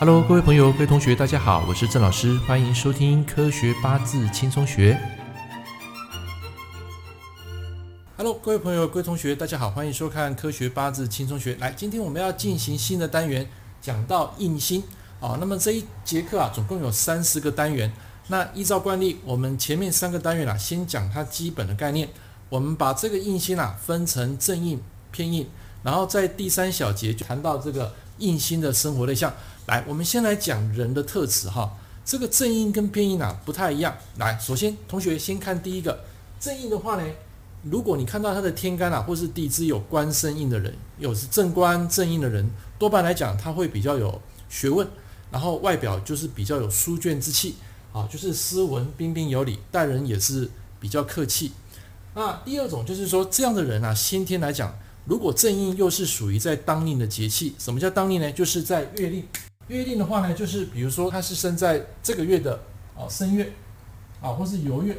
哈嘍，Hello, 各位朋友、各位同學，大家好，我是鄭老師，歡迎收聽《科學八字輕鬆學》。哈嘍，各位朋友、各位同學，大家好，歡迎收看《科學八字輕鬆學》。來，今天我們要進行新的單元，講到印星。啊、哦，那麼這一節課啊，總共有三十個單元。那依照慣例，我們前面三個單元啦、啊，先講它基本的概念。我們把這個印星啊，分成正印、偏印。然後在第三小節就談到這個印星的生活類象。來，我們先來講人的特質哈。這個正印跟偏印啊，不太一樣。來，首先同學先看第一個正印的話呢，如果你看到他的天干啊，或是地支有官生印的人，又是正官正印的人，多半來講他會比較有學問，然後外表就是比較有書卷之氣啊，就是斯文彼彼，彬彬有禮，待人也是比較客氣。那第二種就是說這樣的人啊，先天來講。如果正印又是屬於在當令的節氣，什麼叫當令呢？就是在月令，月令的話呢，就是比如說他是生在這個月的啊，申月啊，或是酉月，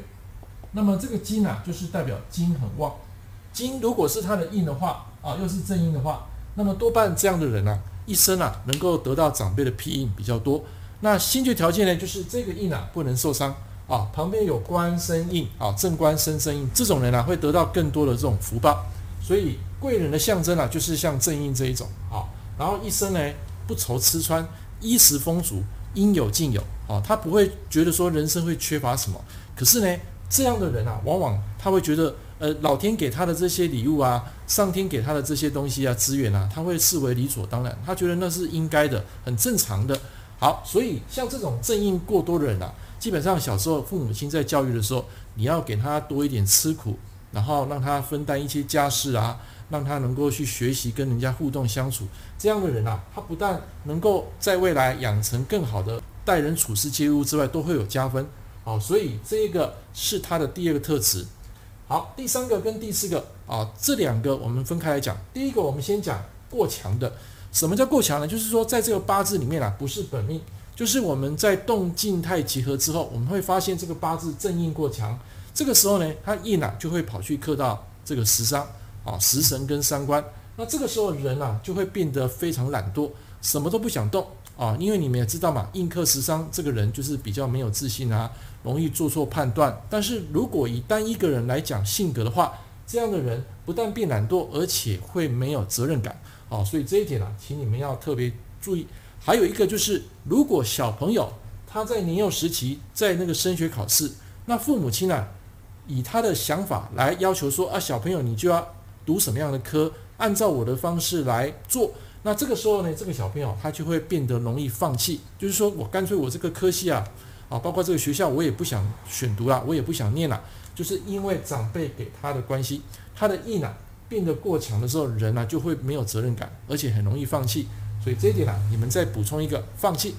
那麼這個金啊，就是代表金很旺。金如果是他的印的話啊，又是正印的話，那麼多半這樣的人啊，一生啊能夠得到長輩的庇蔭比較多。那先決條件呢，就是這個印啊不能受傷啊，旁邊有官生印啊，正官生生印，這種人啊會得到更多的這種福報，所以。貴人的象徵啊，就是像正印這一種啊，然後一生呢不愁吃穿，衣食豐足，應有盡有啊，他不會覺得說人生會缺乏什麼。可是呢，這樣的人啊，往往他會覺得，呃，老天給他的這些禮物啊，上天給他的這些東西啊，資源啊，他會視為理所當然，他覺得那是應該的，很正常的。好，所以像這種正印過多的人啊，基本上小時候父母親在教育的時候，你要給他多一點吃苦，然後讓他分擔一些家事啊。讓他能夠去學習跟人家互動相處，這樣的人啊，他不但能夠在未來養成更好的待人處事、接物之外，都會有加分。好、哦，所以這個是他的第二個特質。好，第三個跟第四個啊、哦，這兩個我們分開來講。第一個，我們先講過強的。什麼叫過強呢？就是說在這個八字裡面啊，不是本命，就是我們在動靜態集合之後，我們會發現這個八字正印過強。這個時候呢，他印呢就會跑去克到這個食傷。啊，食神跟傷官。那這個時候人啊就會變得非常懶惰，什麼都不想動啊，因為你們也知道嘛，印克食傷這個人就是比較沒有自信啊，容易做錯判斷。但是如果以單一個人來講性格的話，這樣的人不但變懶惰，而且會沒有責任感啊，所以這一點啊，請你們要特別注意。還有一個就是，如果小朋友他在年幼時期在那個升學考試，那父母親啊以他的想法來要求說啊，小朋友你就要。讀什麼樣的科，按照我的方式來做，那這個時候呢，這個小朋友他就會變得容易放棄，就是說我乾脆我這個科系啊，啊，包括這個學校我也不想選讀了，啊，我也不想念了，啊，就是因為長輩給他的關係，他的印呢、啊、變得過強的時候，人呢、啊、就會沒有責任感，而且很容易放棄。所以這一點呢、啊，你們再補充一個放棄。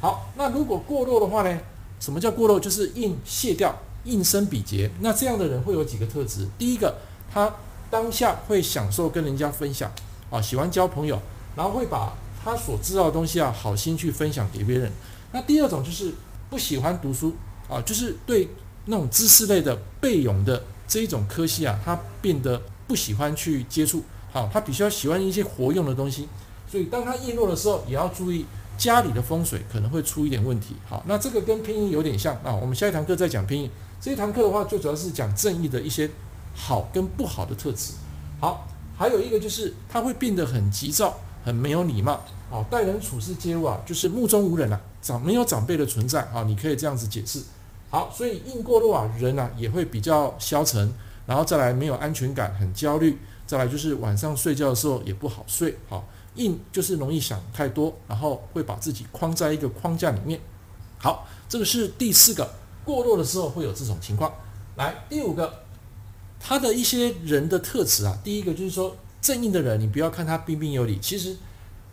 好，那如果過弱的話呢？什麼叫過弱？就是印洩掉，印生比劫。那這樣的人會有幾個特質？第一個，他。當下會享受跟人家分享，啊，喜歡交朋友，然後會把他所知道的東西啊，好心去分享給別人。那第二種就是不喜歡讀書啊，就是對那種知識類的背誦的這一種科系啊，他變得不喜歡去接觸，好、啊，他比較喜歡一些活用的東西。所以當他易落的時候，也要注意家裡的風水可能會出一點問題。好、啊，那這個跟偏印有點像啊，我們下一堂課再講偏印。這一堂課的話，最主要是講正印的一些。好跟不好的特質，好，還有一個就是他會變得很急躁，很沒有禮貌，好，待人處事接物啊，就是目中無人啊，長，沒有長輩的存在，啊，你可以這樣子解釋。好，所以印過弱啊，人啊也會比較消沉，然後再來沒有安全感，很焦慮，再來就是晚上睡覺的時候也不好睡，好，印就是容易想太多，然後會把自己框在一個框架裡面。好，這個是第四個過弱的時候會有這種情況。來，第五個。他的一些人的特質啊，第一個就是說，正印的人，你不要看他彬彬有禮，其實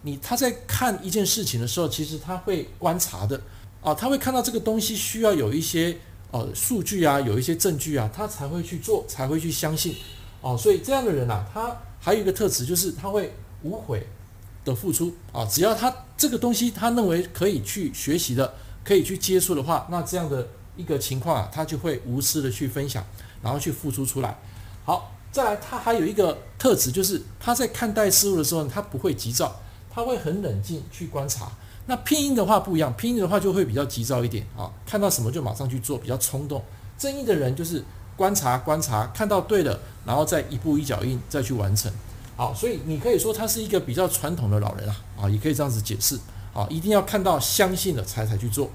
你他在看一件事情的時候，其實他會觀察的，啊，他會看到這個東西需要有一些呃數據啊，有一些證據啊，他才會去做，才會去相信，哦、啊，所以這樣的人吶、啊，他還有一個特質就是他會無悔的付出啊，只要他這個東西他認為可以去學習的，可以去接觸的話，那這樣的。一個情況啊，他就會無私的去分享，然後去付出出來。好，再來，他還有一個特質，就是他在看待事物的時候，他不會急躁，他會很冷靜去觀察。那偏印的話不一樣，偏印的話就會比較急躁一點啊，看到什麼就馬上去做，比較衝動。正印的人就是觀察觀察，看到對了，然後再一步一腳印再去完成。好，所以你可以說他是一個比較傳統的老人啊，啊，也可以這樣子解釋啊，一定要看到相信了才才去做。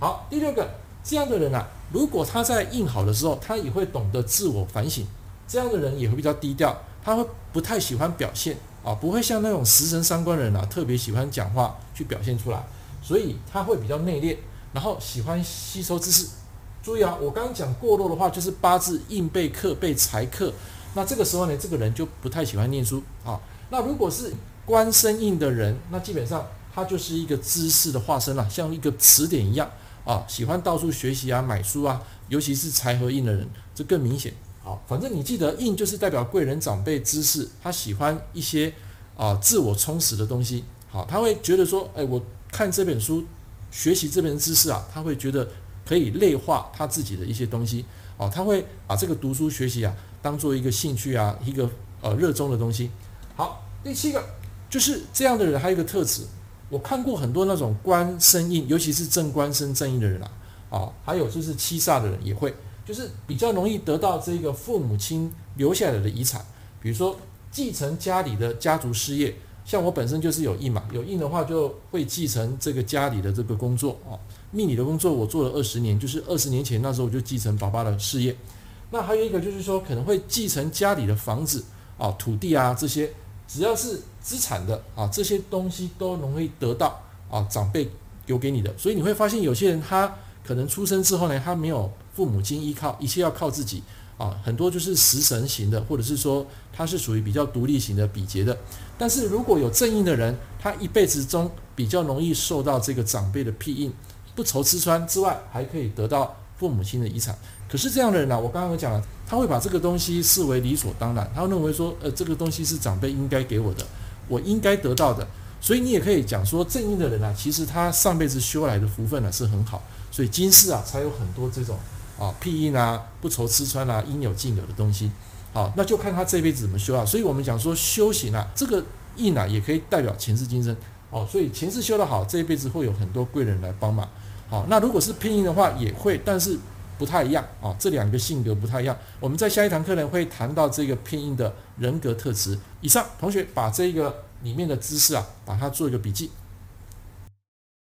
好，第六個。這樣的人啊，如果他在印好的時候，他也會懂得自我反省。這樣的人也會比較低調，他會不太喜歡表現啊，不會像那種食神傷官的人啊，特別喜歡講話去表現出來。所以他會比較內斂，然後喜歡吸收知識。注意啊，我剛剛講過弱的話，就是八字印被剋、被財剋。那這個時候呢，這個人就不太喜歡念書啊。那如果是官生印的人，那基本上他就是一個知識的化身了、啊，像一個詞典一樣。啊、哦，喜歡到處學習啊，買書啊，尤其是財和印的人，這更明顯。好，反正你記得，印就是代表貴人、長輩、知識。他喜歡一些啊、呃、自我充實的東西。好，他會覺得說，哎，我看這本書，學習這本知識啊，他會覺得可以內化他自己的一些東西。好，他會把這個讀書學習啊當做一個興趣啊，一個呃熱衷的東西。好，第七個就是這樣的人，還有一個特質。我看過很多那種官生印，尤其是正官生正印的人啊，啊，還有就是七煞的人也會，就是比較容易得到這個父母親留下來的遺產，比如說繼承家裡的家族事業，像我本身就是有印嘛，有印的話就會繼承這個家裡的這個工作啊，命理的工作我做了二十年，就是二十年前那時候我就繼承爸爸的事業，那還有一個就是說可能會繼承家裡的房子啊、土地啊這些。只要是資產的啊，這些東西都容易得到啊，長輩留給你的。所以你會發現，有些人他可能出生之後呢，他沒有父母親依靠，一切要靠自己啊。很多就是食神型的，或者是說他是屬於比較獨立型的、比劫的。但是如果有正印的人，他一輩子中比較容易受到這個長輩的庇蔭，不愁吃穿之外，還可以得到。父母親的遺產，可是這樣的人呢、啊？我剛剛有講了，他會把這個東西視為理所當然，他會認為說，呃，這個東西是長輩應該給我的，我應該得到的。所以你也可以講說，正印的人呢、啊，其實他上輩子修來的福分呢、啊、是很好，所以今世啊才有很多這種啊偏印啊不愁吃穿啊應有盡有的東西。好、啊，那就看他這輩子怎麼修啊。所以我們講說修行啊，這個印啊也可以代表前世今生哦、啊，所以前世修得好，這一輩子會有很多貴人來幫忙。好，那如果是偏印的話，也會，但是不太一樣啊。這兩個性格不太一樣。我們在下一堂課呢會談到這個偏印的人格特質。以上同學把這個裡面的知識啊，把它做一個筆記。